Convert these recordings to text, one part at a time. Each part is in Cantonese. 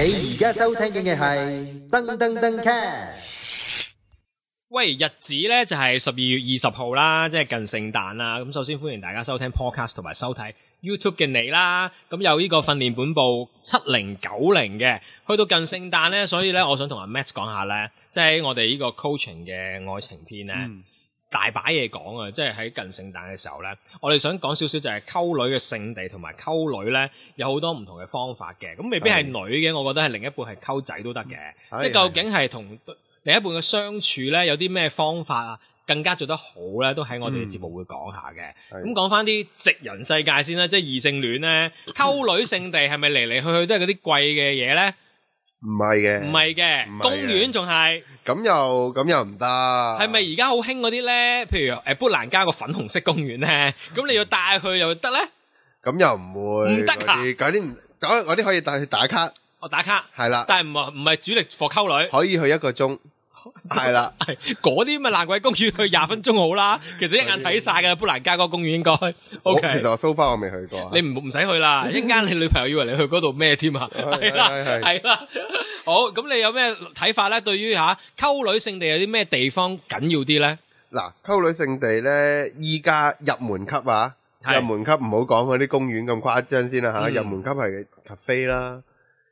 你而家收聽嘅係登登登。cast 喂，日子呢就係十二月二十號啦，即係近聖誕啦。咁首先歡迎大家收聽 podcast 同埋收睇 YouTube 嘅你啦。咁有呢個訓練本部七零九零嘅，去到近聖誕呢。所以呢，我想同阿 Matt 講下呢，即係我哋呢個 coaching 嘅愛情篇呢。嗯大把嘢講啊！即係喺近聖誕嘅時候呢，我哋想講少少就係溝女嘅聖地同埋溝女呢，有好多唔同嘅方法嘅。咁未必係女嘅，的我覺得係另一半係溝仔都得嘅。是的 即係究竟係同另一半嘅相處呢，有啲咩方法啊？更加做得好呢？都喺我哋嘅節目會講下嘅。咁講翻啲直人世界先啦，即係異性戀呢，溝女聖地係咪嚟嚟去去都係嗰啲貴嘅嘢呢？唔係嘅，唔係嘅，是公園仲係。咁又咁又唔得，係咪而家好興嗰啲咧？譬如誒，砵蘭加個粉紅色公園咧，咁你要帶去又得咧？咁又唔會唔得噶，嗰啲唔嗰我啲可以帶去打卡，我打卡係啦。但係唔唔係主力貨溝女，可以去一個鐘係啦。嗰啲咪爛鬼公園去廿分鐘好啦。其實一眼睇晒嘅砵蘭加個公園應該 O K。其實我蘇花我未去過，你唔唔使去啦。一陣你女朋友以為你去嗰度咩添啊？係啦，係啦。好，咁你有咩睇法咧？對於嚇溝女聖地有啲咩地方緊要啲咧？嗱，溝女聖地咧，依家入門級啊，入門級唔好講嗰啲公園咁誇張先啦嚇，入門級係咖啡啦，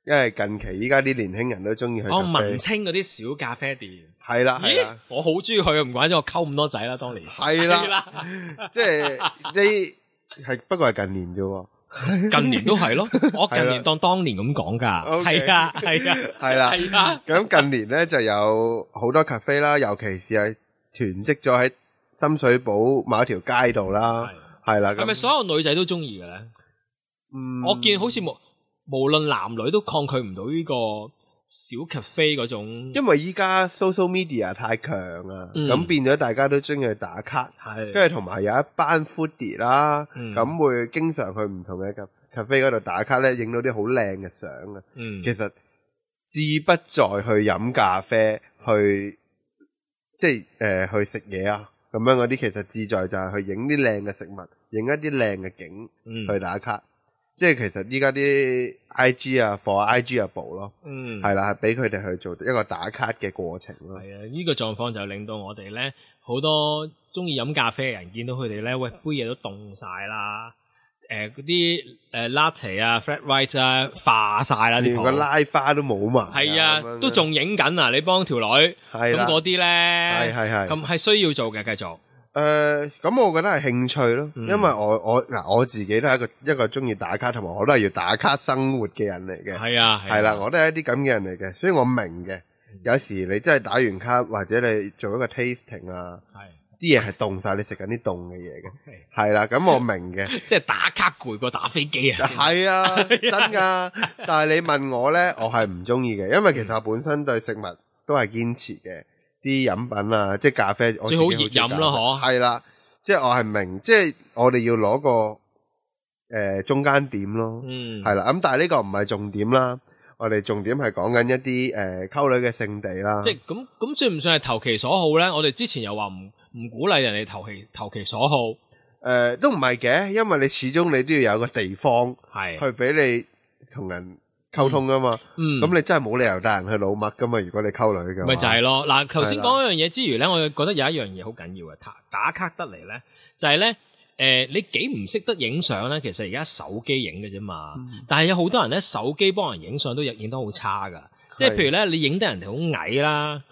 因為近期依家啲年輕人都中意去。哦，文青嗰啲小咖啡店。係啦係啦，咦，我好中意去，唔怪咗我溝咁多仔啦，當年。係啦，即係你係不過係近年啫喎。 近年都係咯，我近年當當年咁講噶係 啊，係啊，係啦、啊，係咁、 啊啊啊、 近年咧就有好多 cafe 啦，尤其是係囤積咗喺深水埗某一條街度啦，係啦、啊。係咪、啊啊、所有女仔都中意嘅咧？嗯、我見好似無無論男女都抗拒唔到呢個。小 cafe 嗰種，因為依家 social media 太強啦，咁、嗯、變咗大家都中意去打卡，跟住同埋有一班 foodie 啦、啊，咁、嗯、會經常去唔同嘅 cafe 嗰度打卡咧，影到啲好靚嘅相。其實志不在去飲咖啡，去即係、呃、去食嘢啊，咁樣嗰啲其實志在就係去影啲靚嘅食物，影一啲靚嘅景、嗯、去打卡。即係其實依家啲 I.G. 啊 for I.G. 啊，部咯、啊，係啦、嗯，係俾佢哋去做一個打卡嘅過程咯。係啊，呢、嗯啊呢個狀況就令到我哋咧好多中意飲咖啡嘅人見到佢哋咧，喂、哎、杯嘢都凍晒啦，誒嗰啲誒 latte 啊 flat white 啊化晒啦，連個拉花都冇嘛。係啊，啊都仲影緊啊！你幫條女咁嗰啲咧，係係係咁係需要做嘅繼續。誒咁，呃、我覺得係興趣咯，因為我我嗱、呃、我自己都係一個一個中意打卡，同埋我都係要打卡生活嘅人嚟嘅。係啊，係、啊、啦，我都係一啲咁嘅人嚟嘅，所以我明嘅。嗯、有時你真係打完卡，或者你做一個 tasting 啊，啲嘢係凍晒，凍 你食緊啲凍嘅嘢嘅。係是啦，咁我明嘅。即係打卡攰過打飛機啊！係啊，真㗎。 但係你問我咧，我係唔中意嘅，因為其實我本身對食物都係堅持嘅。啲飲品啊，即係咖啡，我最好熱飲咯，嗬吧，係啦，即係我係明，即係我哋要攞個、呃、中間點咯，嗯，係啦，咁但係呢個唔係重點啦，我哋重點係講緊一啲誒溝女嘅聖地啦，即係咁咁算唔算係投其所好咧？我哋之前又話唔唔鼓勵人哋投其投其所好，誒、呃、都唔係嘅，因為你始終你都要有個地方係去俾你同人溝通㗎嘛，咁、嗯嗯、你真係冇理由帶人去老麥㗎嘛，如果你溝女㗎，咪就係咯。嗱，頭先講一樣嘢之餘咧，的我覺得有一樣嘢好緊要啊。打卡得嚟咧、就是，就係咧，誒，你幾唔識得影相咧？其實而家手機影嘅啫嘛，嗯、但係有好多人咧，手機幫人影相都影影得好差㗎。即係是譬如咧，你影得人哋好矮啦，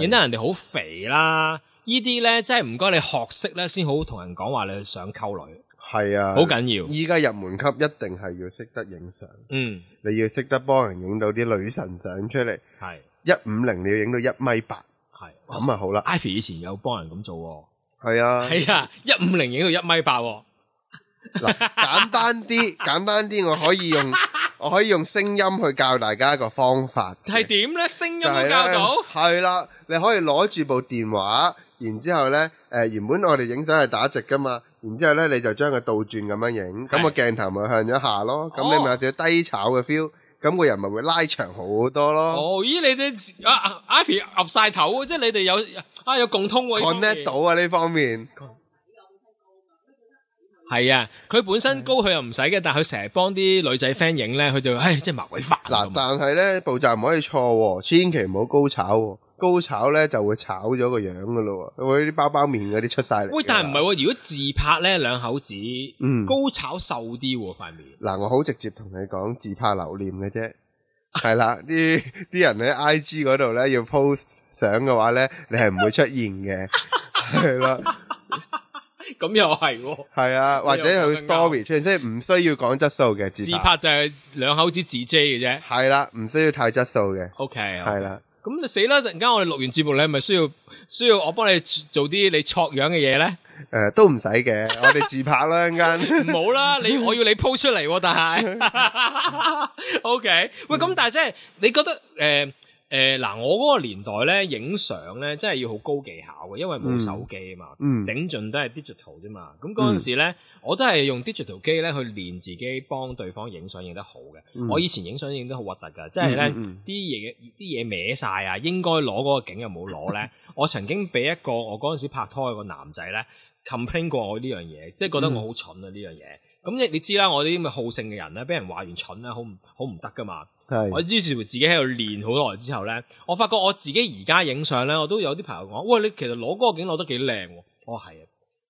影得人哋好肥啦，依啲咧真係唔該你學識咧，先好同人講話你想溝女。係啊，好緊要。依家入門級一定係要識得影相，嗯，你要識得幫人影到啲女神相出嚟。係一五零你要影到一米八係係咁啊好啦。Ivy 以前有幫人咁做，係啊，係啊，一五零影到一米八，哦。喎。簡單啲，簡單啲，我可以用，我可以用聲音去教大家一個方法。係點呢？聲音去教到？係啦，啊啊，你可以攞住部電話，然之後呢誒、呃，原本我哋影相係打直㗎嘛。然之後咧，你就將佢倒轉咁樣影，咁個是鏡頭咪向咗下咯。咁、哦、你咪有啲低炒嘅 feel，咁個人咪會拉長好多咯、哦。咦，你哋阿阿皮岌晒頭，即係你哋有啊有共通會。con 得到啊呢方面。係啊，佢、啊、本身高佢又唔使嘅，但係佢成日幫啲女仔 friend 影咧，佢就唉，即係麻鬼煩。嗱，但係咧步驟唔可以錯、哦，千祈唔好高炒、哦。高炒咧就會炒咗個樣噶咯，會啲包包面嗰啲出晒嚟。喂，但係唔係喎，如果自拍咧兩口子，嗯，高炒瘦啲塊、啊、面。嗱，我好直接同你講，自拍留念嘅啫，係啦， 啲啲人喺 I G 嗰度咧要 post 相嘅話咧，你係唔會出現嘅，係啦咁又係，係 的 啊，或者佢 story 出現，即係唔需要講質素嘅自，自拍就係兩口子自 J 嘅啫，係啦，唔需要太質素嘅，OK，係 okay .啦。咁你死啦！突然間我哋錄完節目咧，你咪需要需要我幫你做啲你撮樣嘅嘢咧？誒、呃，都唔使嘅， 我哋自拍啦，一陣。 唔好啦，你我要你 po 出嚟、 okay,，但係，OK。喂，咁但係即係你覺得誒誒嗱，我嗰個年代咧，影相咧，真係要好高技巧嘅，因為冇手機啊嘛，頂盡、嗯、都係 digital 啫嘛。咁嗰陣時咧。嗯嗯我都係用 digital 機咧去練自己幫對方影相影得好嘅。嗯、我以前影相影得好核突㗎，即係咧啲嘢啲嘢歪晒啊！應該攞嗰個景又冇攞咧。 我曾經俾一個我嗰陣時拍拖嘅男仔咧 complain 過我呢樣嘢，即係覺得我好蠢啊呢、嗯、樣嘢。咁、嗯、你你知啦，我啲咁嘅好勝嘅人咧，俾人話完蠢咧，好唔好唔得㗎嘛？是 我於是乎自己喺度練好耐之後咧，我發覺我自己而家影相咧，我都有啲朋友講：喂，你其實攞嗰個景攞得幾靚喎？哦係啊！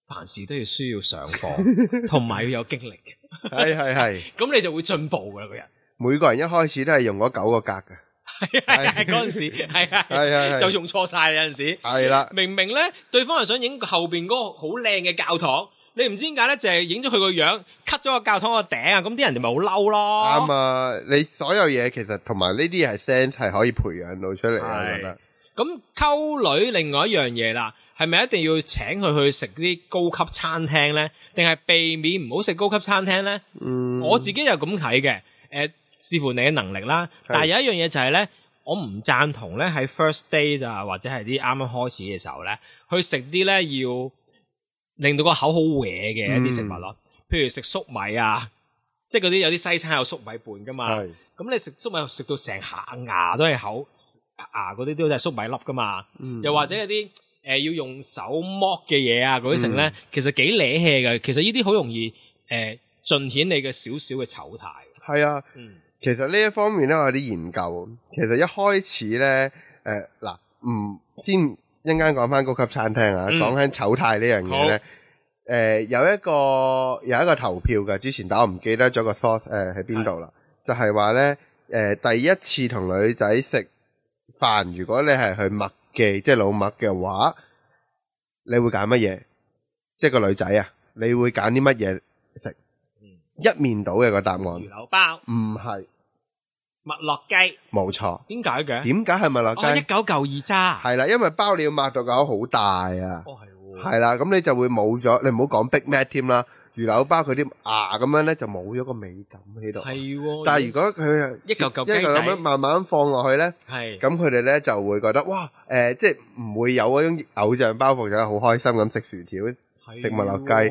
凡事都要需要上課，同埋要有經歷。係係係，咁你就會進步噶啦，個人。每個人一開始都係用嗰九個格嘅，係嗰陣時係啊係係，就用錯曬，有陣時係啦。明明咧，對方係想影後邊嗰個好靚嘅教堂，你唔知點解咧，淨係影咗佢個樣，cut 咗個教堂個頂啊！咁啲人哋咪好嬲咯。啱啊！你所有嘢其實同埋呢啲係 sense 係可以培養到出嚟，我覺得。咁溝女另外一樣嘢啦。係咪一定要請佢去食啲高級餐廳呢？定係避免唔好食高級餐廳呢？嗯，我自己就咁睇嘅。誒、呃，視乎你嘅能力啦。是但係有一樣嘢就係、是、呢，我唔贊同呢喺 first date 咋、啊，或者係啲啱啱開始嘅時候呢，去食啲呢要令到個口好嘢嘅一啲食物咯。嗯、譬如食粟米啊，即係嗰啲有啲西餐有粟米伴㗎嘛。咁是你食粟米食到成下牙都係口牙，嗰啲都係粟米粒㗎嘛。嗯、又或者有啲。誒、呃、要用手剝嘅嘢啊嗰啲成咧，其實幾瀨氣嘅。其實呢啲好容易誒盡顯你嘅少少嘅醜態，係啊，嗯，其實呢一方面咧，我有啲研究。其實一開始咧，誒、呃，嗱，唔先一陣間講翻高級餐廳啊，講緊醜態呢樣嘢咧。誒好、呃，有一個有一個投票嘅，之前但我唔記得咗個 source 誒、呃，喺邊度啦。是的 就係話咧，誒、呃，第一次同女仔食飯，如果你係去麥。嘅即係老麥嘅話，你會揀乜嘢？即係個女仔啊，你會揀啲乜嘢食？一面倒嘅個答案。魚柳包唔係麥樂雞，冇錯。點解嘅？點解係麥樂雞？哦，一九舊二渣。係啦，因為包你要擘到個口好大啊。哦，係喎。係啦，咁你就會冇咗。你唔好講 Big Mac 添啦。魚柳包佢啲牙咁樣咧，就冇咗個美感喺度。係喎。但係如果佢一嚿一嚿咁樣，慢慢放落去咧，係。咁佢哋咧就會覺得哇，誒，即係唔會有嗰種偶像包袱，而係好開心咁食薯條、食麥樂雞，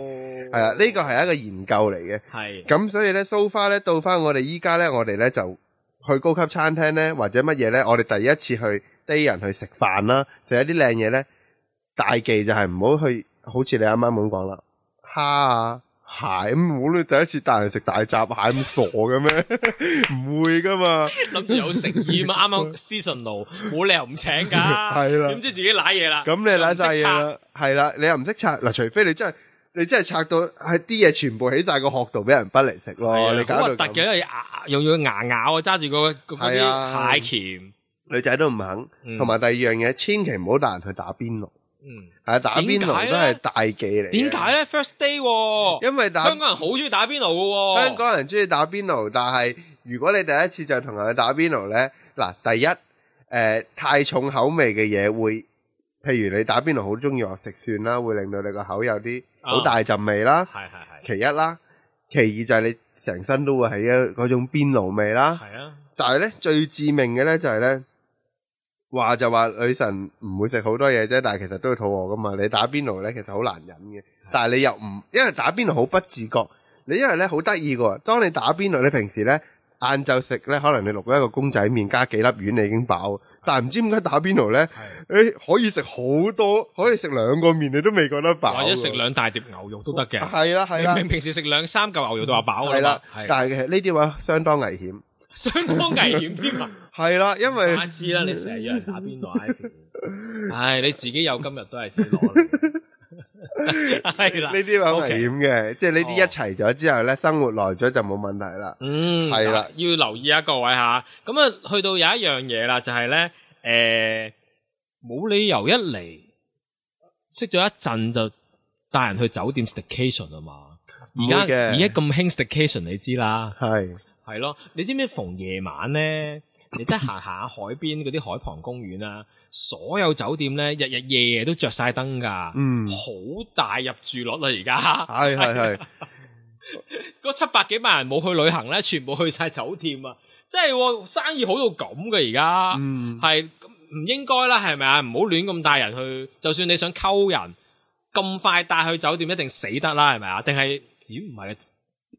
係啊！呢個係一個研究嚟嘅。係。咁所以咧，so far 咧到翻我哋依家咧，我哋咧就去高級餐廳咧，或者乜嘢咧，我哋第一次去 date 人去食飯啦，食一啲靚嘢咧，大忌就係唔好去，好似你啱啱咁講啦，蝦啊！蟹，咁，好，你第一次帶人 食大閘蟹咁傻嘅咩？唔會噶嘛，諗住有誠意嘛。啱啱 season 喇，冇理由唔請噶。係啦、 啊，點知自己瀨嘢啦？咁你瀨晒嘢啦，係啦、啊，你又唔識拆嗱、啊？除非你真係，你真係拆到係啲嘢全部起晒個殼度，俾人剝嚟食咯。你搞到核突嘅，因為要用個牙咬，揸住個嗰啲蟹鉗、啊，女仔都唔肯。同埋、嗯、第二樣嘢，千祈唔好帶人去打邊爐。嗯，係打邊爐都係大忌嚟。點解咧？First day 喎，因為香港人好中意打邊爐喎！香港人中意打邊爐，但係如果你第一次就同人去打邊爐咧，嗱，第一，誒，呃，太重口味嘅嘢會，譬如你打邊爐好中意食蒜啦，會令到你個口有啲好大陣味啦。係係係。其一啦，係啊其二就係你成身都會起一嗰種邊爐味啦。係啊的。就係咧，最致命嘅咧就係咧。話就話女神唔會食好多嘢啫，但係其實都會肚餓噶嘛。你打邊爐呢，其實好難忍嘅。是的 但係你又唔，因為打邊爐好不自覺。你因為呢，好得意噶，當你打邊爐，你平時呢，晏晝食呢，可能你落咗一個公仔麵加幾粒丸，你已經飽。但係唔知點解打邊爐呢，是的 你可以食好多，可以食兩個麵，你都未覺得飽，或者食兩大碟牛肉都得嘅。係啦係啦，你平時食兩三嚿牛肉都話飽啦。係啦，但係呢啲話相當危險，相當危險添啊 係啦，因為我知啦，你成日約人打邊爐， 唉，你自己有今日都係邊爐啦，係 啦了，呢啲係好險嘅，Okay. 即係呢啲一齊咗之後咧，哦、生活來咗就冇問題啦。嗯，係啦了，要留意啊，各位吓，咁啊，去到有一樣嘢啦，就係咧，誒，冇理由一嚟識咗一陣就帶人去酒店 staycation 啊嘛，而家而家咁興 staycation，你知啦，係係咯，你知唔知逢夜晚咧？你得行下海邊嗰啲海旁公園啦，所有酒店咧，日日夜夜都着晒燈噶，好、嗯、大入住率啦而家。係係係，嗰七百幾萬人冇去旅行咧，全部去晒酒店啊！即係生意好到咁嘅而家，係唔、嗯、應該啦，係咪啊？唔好亂咁帶人去，就算你想溝人，咁快帶去酒店一定死得啦，係咪啊？定係咦唔係啊？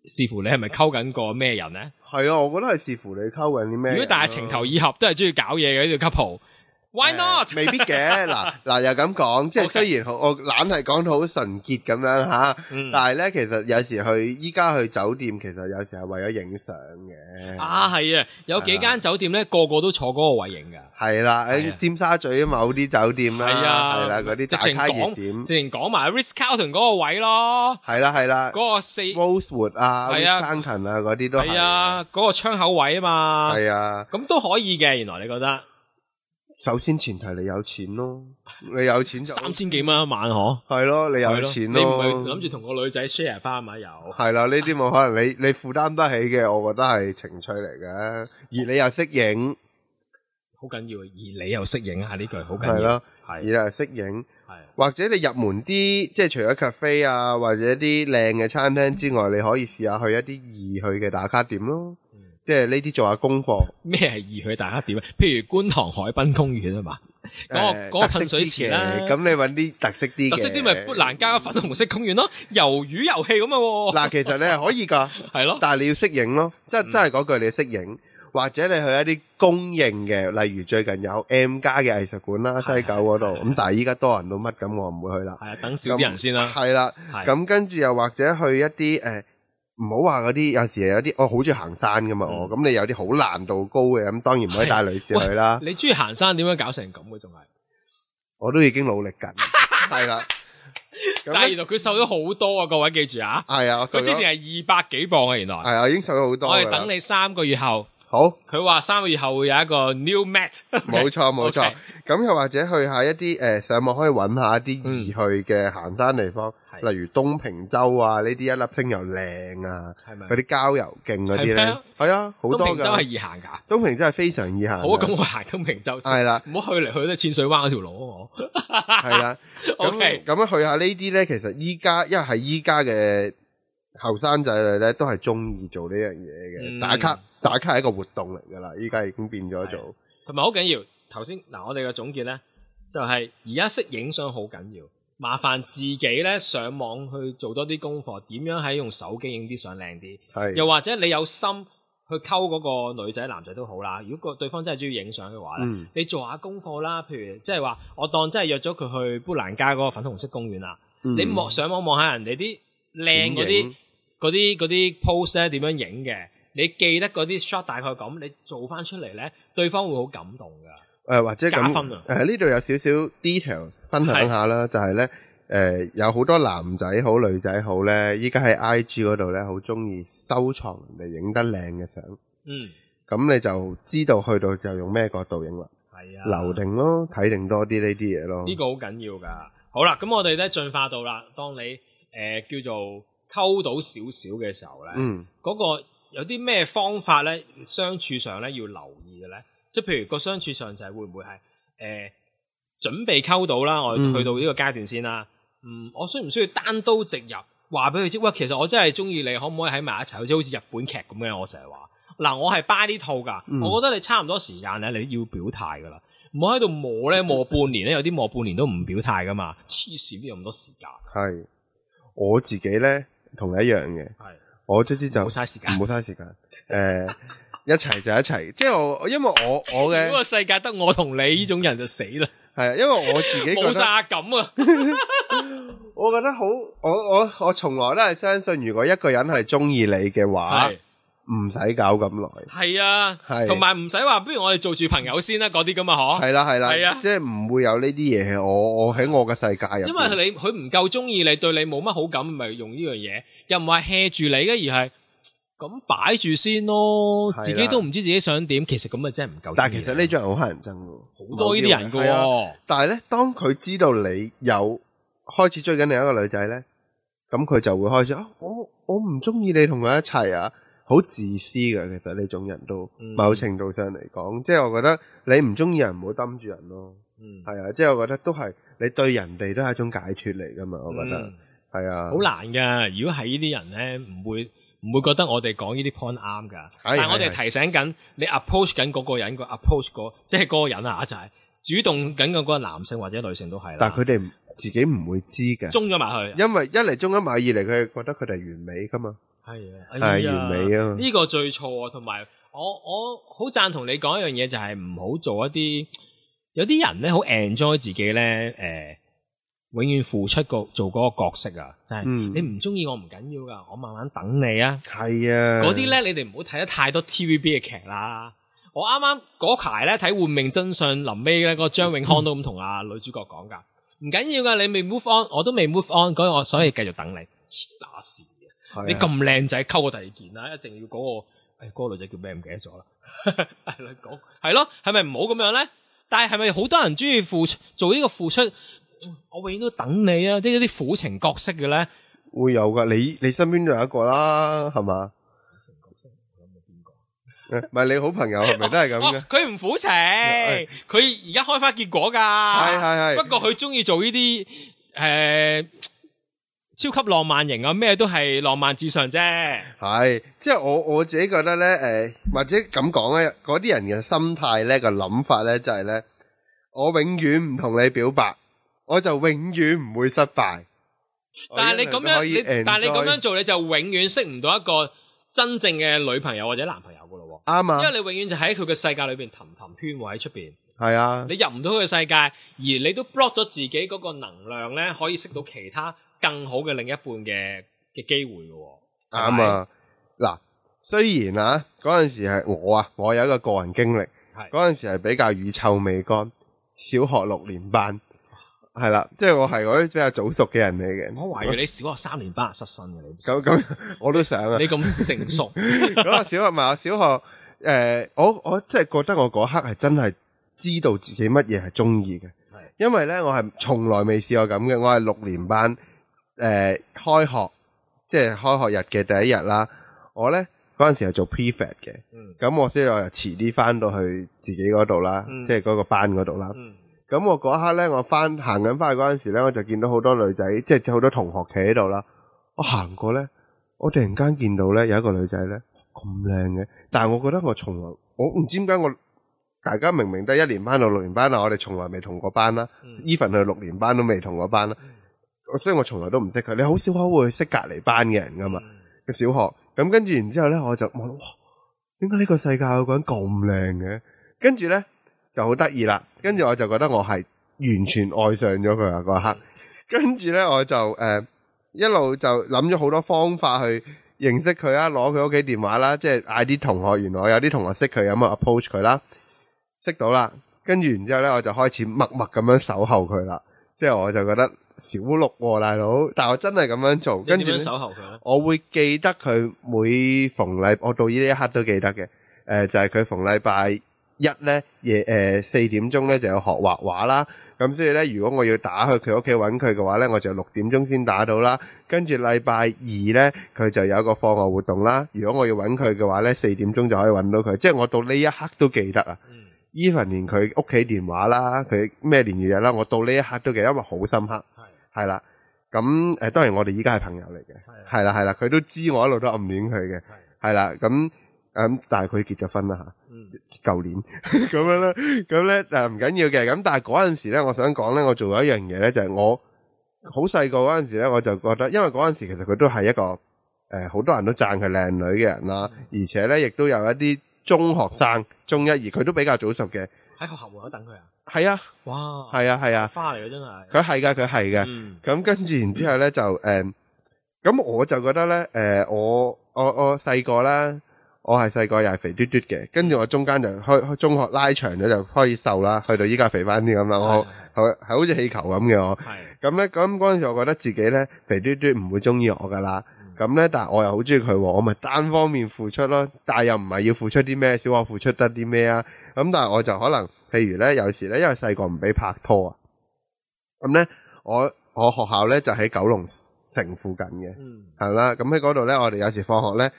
視乎你係咪溝緊個咩人咧？係啊，我覺得係視乎你溝緊啲咩。如果但係情投意合，都係中意搞嘢嘅呢對 couple。Why not？未必嘅，嗱嗱又咁講，即係雖然我懶係講到好純潔咁樣吓，但係咧其實有時去依家去酒店，其實有時係為咗影相嘅。啊，係啊，有幾間酒店咧，個個都坐嗰個位影㗎。係啦，喺尖沙咀某啲酒店啦，係啦，嗰啲直情熱點，之前講埋 Ritz Carlton 嗰個位咯。係啦，係啦，嗰個四 Rosewood 啊，Canton 啊，嗰啲都係啊，嗰個窗口位啊嘛。係啊，咁都可以嘅，原來你覺得？首先前提你有錢咯，你有錢就三千幾蚊一晚嗬，係咯，你有錢咯，咯你唔係諗住同個女仔 share 翻咪有？係啦，呢啲冇可能，你你負擔得起嘅，我覺得係情趣嚟嘅，而你又識影，好緊 要，而你又識影啊呢句好緊要，係啦，而係識影，係的或者你入門啲，即係除咗 cafe 啊，或者啲靚嘅餐廳之外，你可以試下去一啲易去嘅打卡點咯。即係呢啲做下功課。咩係易去大家點啊？譬如觀塘海濱公園啊嘛。嗰嗰噴水池，咁你搵啲特色啲嘅。特色啲咪砵蘭加粉紅色公園咯，魷魚遊戲咁啊。嗱，其實你係可以噶。係咯。但係你要適應咯，即係真係嗰句，你適應。或者你去一啲公認嘅，例如最近有 M+ 嘅藝術館啦，西九嗰度。咁但係依家多人到乜咁，我唔會去啦。係啊，等少人先啦。係啦。咁跟住又或者去一啲唔好話嗰啲，有時有啲，我好中意行山噶嘛，我咁、嗯、你有啲好難度高嘅，咁當然唔可以帶女士去啦、啊。你中意行山，點樣搞成咁嘅、啊？仲係我都已經努力緊，係啦。 但係原來佢瘦咗好多啊！各位記住啊，係啊，佢之前係二百幾磅啊，原來係啊，已經瘦咗好多。我哋等你三個月後，好，佢話三個月後會有一個 new mat，冇錯冇錯。咁 okay. 又或者去一下一啲誒、呃，上網可以揾下一啲易去嘅行山地方。嗯例如東平洲啊，呢啲一粒星又靚啊，佢啲郊遊徑嗰啲咧，係嗎啊，好多噶。東平洲係易行噶。東平洲係非常易行。好啊，咁我行東平洲先。係啦的，唔好去嚟，去都淺水灣嗰條路啊。係 啦，咁咁樣去下呢啲咧，其實依家因為係依家嘅後生仔女咧，都係中意做呢樣嘢嘅。打卡打卡係一個活動嚟噶啦，依家已經變咗做。同埋好緊要，頭先嗱，我哋嘅總結咧，就係而家識影相好緊要。麻煩自己咧，上網去做多啲功課，點樣喺用手機影啲相靚啲？係是，又或者你有心去溝嗰個女仔，男仔都好啦。如果個對方真係中意影相嘅話咧，嗯、你做下功課啦。譬如即係話我當真係約咗佢去砵蘭街嗰個粉紅色公園啊。嗯、你望上網望下人哋啲靚嗰啲嗰啲嗰啲 post 咧點樣影嘅？你記得嗰啲 shot 大概咁，你做翻出嚟咧，對方會好感動㗎。誒或者咁呢度有少少 detail 分享下啦，是的 就係咧誒有好多男仔好女仔好咧，依家喺 IG 嗰度咧好中意收藏人哋影得靚嘅相。嗯，咁你就知道去到就用咩角度影啦。係是啊，留定咯，睇定多啲呢啲嘢咯。呢個好緊要㗎。好啦，咁我哋咧進化到啦，當你誒、呃、叫做溝到少少嘅時候咧，嗰、嗯、個有啲咩方法咧，相處上咧要留意嘅咧？即係譬如個相處上就係會唔會係誒、欸、準備溝到啦？我去到呢個階段先啦。嗯，嗯，我需唔需要單刀直入話俾佢知？喂，其實我真係中意你，可唔可以喺埋一齊？好似好似日本劇咁樣，我成日話嗱，我係 buy 呢套㗎。嗯、我覺得你差唔多時間咧，你要表態㗎啦。唔好喺度磨咧，磨半年咧， 有啲磨半年都唔表態㗎嘛。黐線邊有咁多時間？係我自己咧，同你一樣嘅。係的，我最知就冇嘥時，時間，冇嘥時間。 一齊就一齊，即係我，因為我我嘅。嗰個世界得我同你呢種人就死啦。係啊，因為我自己冇晒好感啊。我覺得好，我我我從來都係相信，如果一個人係中意你嘅話，唔使搞咁耐。係啊，係。同埋唔使話，不如我哋做住朋友先啦，嗰啲咁啊，嗬。係啦，係啦，係啊，即係唔會有呢啲嘢。我我喺我嘅世界入邊。因為佢佢唔夠中意你，對你冇乜好感，咪用呢樣嘢，又唔係 hea 住你嘅，而係。咁擺住先咯，的自己都唔知自己想點，其實咁啊真係唔夠。但係其實種真、啊、呢種人好乞人憎，好多呢啲人喎。但係咧，當佢知道你有、嗯、開始追緊另一個女仔咧，咁佢就會開始，我我唔中意你同佢一齊啊，好、啊、自私嘅。其實呢種人都，某程度上嚟講，嗯、即係我覺得你唔中意人唔好抌住人咯。係啊，即係我覺得都係你對人哋都係一種解脫嚟噶嘛。我覺得係啊，好、嗯、的難噶。如果係呢啲人咧，唔會。唔會覺得我哋講呢啲 point 啱噶，的但我哋提醒緊，的你 approach 緊嗰個人 approach 即係個、就是、個人啊，就係、是、主動緊嘅嗰個男性或者女性都係。但佢哋自己唔會知嘅，中咗埋去。因為一嚟中咗埋，二嚟佢係覺得佢哋完美噶嘛，係啊，係完美啊。呢個最錯啊，同埋我我好贊同你講一樣嘢，就係唔好做一啲有啲人咧好 enjoy 自己咧，呃永遠付出個做嗰個角色啊，真係、嗯、你唔中意我唔緊要噶，我慢慢等你啊。係啊，嗰啲咧你哋唔好睇得太多 TVB 嘅劇啦。我啱啱嗰排咧睇《換命真相》，臨尾咧個張永康都咁同阿女主角講噶，唔緊要噶，你未 move on，我都未 move on，嗰我所以繼續等你。黐線嘅，你咁靚仔，溝過第二件啦，一定要嗰、那個，誒、哎、嗰、那個女仔叫咩唔記得咗啦。係啦，講係咯，係咪唔好咁樣咧？但係係咪好多人中意付出做呢個付出？我永遠都等你啊！即係啲苦情角色嘅咧，會有噶。你你身邊仲有一個啦，係嘛？唔係你好朋友，係咪都係咁嘅？佢唔苦情，佢而家開花結果噶。係係係。不過佢中意做呢啲誒，超級浪漫型啊，咩都係浪漫至上啫。係即係我我自己覺得咧，誒，或者咁講咧，嗰啲人嘅心態咧，個諗法咧，就係咧，我永遠唔同你表白。我就永遠唔會失敗，但係你咁樣，但係你咁樣做，你就永遠識唔到一個真正嘅女朋友或者男朋友噶咯。啱啊，因為你永遠就喺佢嘅世界裏邊氹氹圈喎喺出邊，係對啊，你入唔到佢嘅世界，而你都 block 咗自己嗰個能量呢，可以識到其他更好嘅另一半嘅嘅機會噶。啱啊，嗱，雖然啊，嗰陣時係我啊，我有一個個人經歷，嗰陣是 時係比較乳臭未乾，小學六年班。嗯係啦，即係我係嗰啲比較早熟嘅人嚟嘅。我懷疑你小學以三年班失身嘅。你知唔知？咁咁，我都想啊。 你咁成熟，嗰 個小學咪啊？小學誒、呃，我我即係覺得我嗰刻係真係知道自己乜嘢係中意嘅。係。是的 因為咧，我係從來未試過咁嘅。我係六年班誒、呃，開學即係、就是、開學日嘅第一日啦。我咧嗰陣時係做 prefect 嘅。咁、嗯、我先我又遲啲翻到去自己嗰度啦，即係嗰個班嗰度啦。嗯嗯咁我嗰刻咧，我翻行緊翻去嗰陣時咧，我就見到好多女仔，即係好多同學企喺度啦。我行過咧，我突然間見到咧，有一個女仔咧咁靚嘅，但係我覺得我從來我唔知點解我大家明明都係一年班到六年班啦，我哋從來未同過班啦。Even 去、嗯、六年班都未同過班啦，嗯、所以我從來都唔識佢。你好少可能會識隔離班嘅人噶嘛？小學咁、嗯、跟住然之後咧，我就望哇，點解呢個世界有個人咁靚嘅？跟住咧。就好得意啦，跟住我就覺得我係完全愛上咗佢啊，嗰刻，跟住呢，我就誒、呃、一路就諗咗好多方法去認識佢啦、啊，攞佢屋企電話啦，即係嗌啲同學，原來我有啲同學識佢，咁啊 approach 佢啦，識到啦，跟住然之後呢，我就開始默默咁樣守候佢啦，即係我就覺得小鹿、啊、大佬，但我真係咁樣做，跟住守候佢，我會記得佢每逢禮，我到呢一刻都記得嘅，誒、呃、就係、是、佢逢禮拜。一咧夜四點鐘咧就有學畫畫啦，咁所以咧如果我要打去佢屋企揾佢嘅話咧，我就六點鐘先打到啦。跟住禮拜二咧佢就有一個課外活動啦。如果我要揾佢嘅話咧，四點鐘就可以揾到佢。即係我到呢一刻都記得啊。Evan 連佢屋企電話啦，佢咩連月日啦，我到呢一刻都記得，因為好深刻。係啦的。咁誒、呃、當然我哋依家係朋友嚟嘅。係啦係啦，佢都知我一路都暗戀佢嘅。係啦的。咁咁但係佢結咗婚啦吓嗯，舊年咁樣啦，咁咧誒唔緊要嘅，咁但係嗰陣時咧，我想講咧，我做咗一樣嘢咧，就係、是、我好細個嗰陣時咧，我就覺得，因為嗰陣時其實佢都係一個誒好、呃、多人都讚佢靚女嘅人啦，嗯、而且咧亦都有一啲中學生，嗯、中一而中一二，佢都比較早熟嘅。喺學校門口等佢啊。係哇啊！哇！係啊係啊！花嚟嘅真係，佢係噶，佢係嘅。咁、嗯嗯、跟住然之後咧就誒，咁、呃、我就覺得咧，誒、呃、我我我細個啦。我係細個又係肥嘟嘟嘅，跟住我中間就開中學拉長咗就開始瘦啦，去到依家肥翻啲咁啦，我好係好似氣球咁嘅我，咁咧咁嗰陣時我覺得自己咧肥嘟嘟唔會中意我噶啦，咁、嗯、咧、嗯嗯、但係我又好中意佢，我咪單方面付出咯，但係又唔係要付出啲咩，小學付出得啲咩啊？咁、嗯、但係我就可能，譬如咧有時咧，因為細個唔俾拍拖啊，咁、嗯、咧我我學校咧就喺九龍城附近嘅，係啦、嗯，咁喺嗰度咧我哋有時放學咧。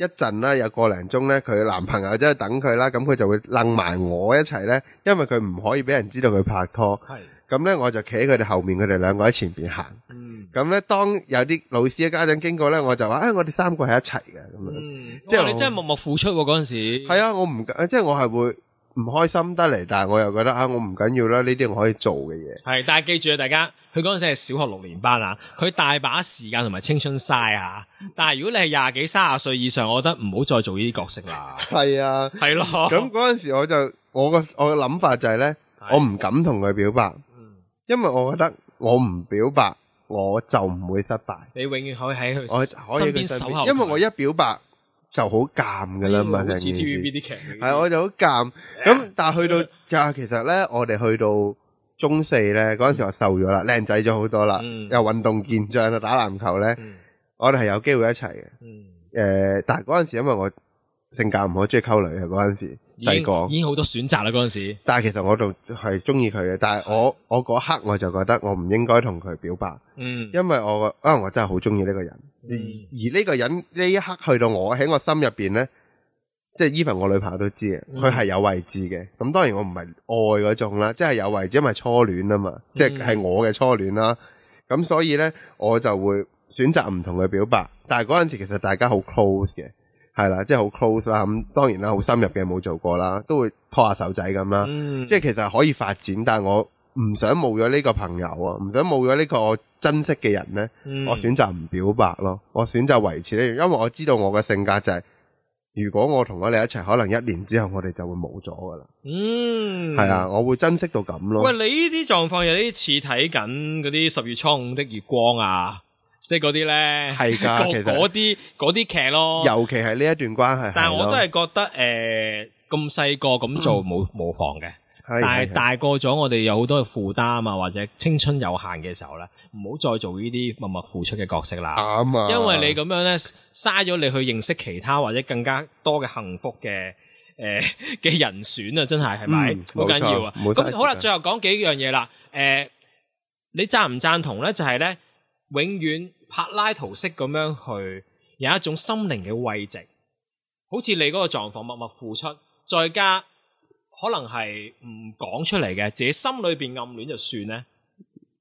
一陣啦，有個零鐘咧，佢男朋友即係等佢啦，咁佢就會楞埋我一齊咧，因為佢唔可以俾人知道佢拍拖。係，咁咧我就企喺佢哋後面，佢哋兩個喺前面行。嗯，咁咧當有啲老師嘅家長經過咧，我就話：啊、哎，我哋三個係一齊嘅。嗯，之後我，即係你真係默默付出喎嗰陣時。係啊，我唔即係我係會。唔開心得嚟，但係我又覺得啊，我唔緊要啦，呢啲我可以做嘅嘢。係，但係記住啊，大家，佢嗰陣時係小學六年班啊，佢大把時間同埋青春嘥啊。但係如果你係廿幾、三十歲以上，我覺得唔好再做呢啲角色啦。係啊，係咯、啊。咁嗰陣時我就我個我嘅諗法就係、係、呢：啊、我唔敢同佢表白，嗯、因為我覺得我唔表白我就唔會失敗。你永遠可以喺佢身邊守候，因為我一表白。就好尷噶啦嘛，TVB 啲劇，係、欸、我就好尷咁。Yeah, 但係去到啊，yeah. 其實咧，我哋去到中四咧嗰陣時，我瘦咗啦，靚仔咗好多啦，又運動健將啦，打籃球咧，嗯、我哋係有機會一齊嘅。誒、嗯呃，但係嗰陣時，因為我。性格唔好，中意溝女嗰陣時，細個已經好多選擇啦。嗰陣時，但係其實我就係中意佢嘅，但係我是我嗰刻我就覺得我唔應該同佢表白，嗯，因為我因為我真係好中意呢個人，嗯、而呢個人呢一刻去到我喺我心入邊呢，即係 even 我女朋友都知嘅，佢係、嗯、有位置嘅。咁當然我唔係愛嗰種啦，即係有位置，因為初戀啊嘛，嗯、即係我嘅初戀啦。咁所以呢，我就會選擇唔同佢表白。但係嗰陣時其實大家好 close 嘅。係啦，即係好 close 啦，咁當然啦，好深入嘅冇做過啦，都會拖下手仔咁啦，嗯、即係其實可以發展，但係我唔想冇咗呢個朋友啊，唔想冇咗呢個珍惜嘅人呢、嗯。我選擇唔表白咯，我選擇維持，因為我知道我嘅性格就係、是，如果我同我哋一齊，可能一年之後我哋就會冇咗噶啦。嗯，係啊，我會珍惜到咁咯。喂，你呢啲狀況有啲似睇緊嗰啲十月初五的月光啊！即係嗰啲咧，係噶嗰啲嗰啲劇咯，尤其係呢一段關係。但係我都係覺得誒，咁細個咁做冇冇妨嘅。但係大個咗，我哋有好多嘅負擔啊，或者青春有限嘅時候咧，唔好再做呢啲默默付出嘅角色啦。啱啊！因為你咁樣咧，嘥咗你去認識其他或者更加多嘅幸福嘅誒嘅人選啊，真係係咪？好緊要啊。咁好啦，最後講幾樣嘢啦。誒，你贊唔贊同咧？就係咧。永遠柏拉圖式咁樣去，有一種心靈嘅慰藉，好似你嗰個狀況默默付出，再加可能係唔講出嚟嘅，自己心裏邊暗戀就算呢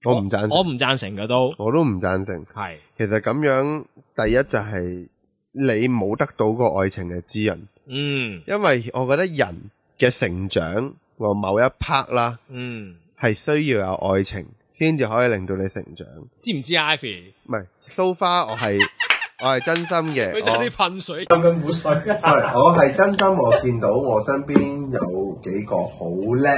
我唔贊，我唔贊成嘅都，我都唔贊成。係是，其實咁樣，第一就係你冇得到過愛情嘅滋潤。嗯，因為我覺得人嘅成長和某一 part 啦，嗯，係需要有愛情。先至可以令到你成長，知唔知 Ivy？唔係 so far 我係我係真心嘅。佢真係噴水，咁緊冇水。我係真心，我見到我身邊有幾個好叻、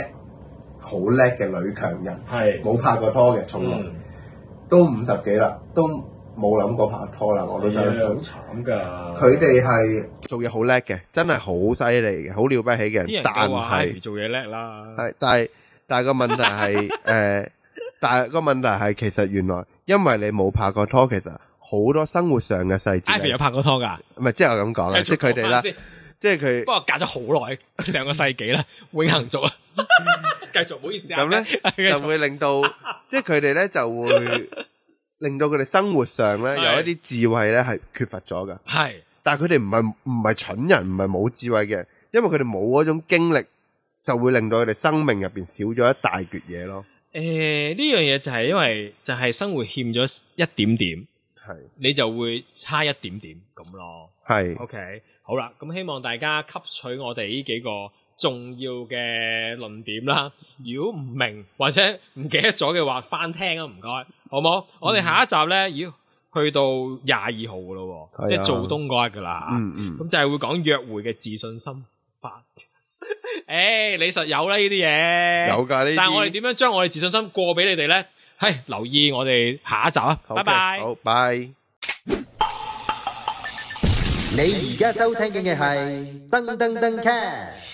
好叻嘅女強人，係冇拍過拖嘅，從來都五十幾啦，都冇諗過拍拖啦。我都人好慘噶，佢哋係做嘢好叻嘅，真係好犀利嘅，好了不起嘅。人但 Ivy 做嘢叻啦，係，但係但係個問題係誒。但係個問題係，其實原來因為你冇拍過拖，其實好多生活上嘅細節。i 有拍過拖噶？唔係，即係我咁講啦，即係佢哋啦，即係佢。不過隔咗好耐，上個世紀啦，永恆族啊，繼續唔好意思。咁咧就會令到，即係佢哋咧就會令到佢哋生活上咧有一啲智慧咧係缺乏咗㗎。係，但係佢哋唔係唔係蠢人，唔係冇智慧嘅，因為佢哋冇嗰種經歷，就會令到佢哋生命入邊少咗一大橛嘢咯。誒，呢、欸、樣嘢，就係因為就係生活欠咗一點點，係是你就會差一點點咁咯。係是，OK，好啦，咁希望大家吸取我哋呢幾個重要嘅論點啦。如果唔明或者唔記得咗嘅話，翻聽吖，唔該，好冇？嗯、我哋下一集呢，要去到廿二號噶喎，哎、呀即係做冬嗰日噶啦，咁、嗯嗯、就係會講約會嘅自信心法誒，你實有啦呢啲嘢，有噶呢？但係我哋點樣將我哋自信心過俾你哋咧？係，留意我哋下一集啊！拜拜，好，拜。你而家收聽嘅係登登登 cast。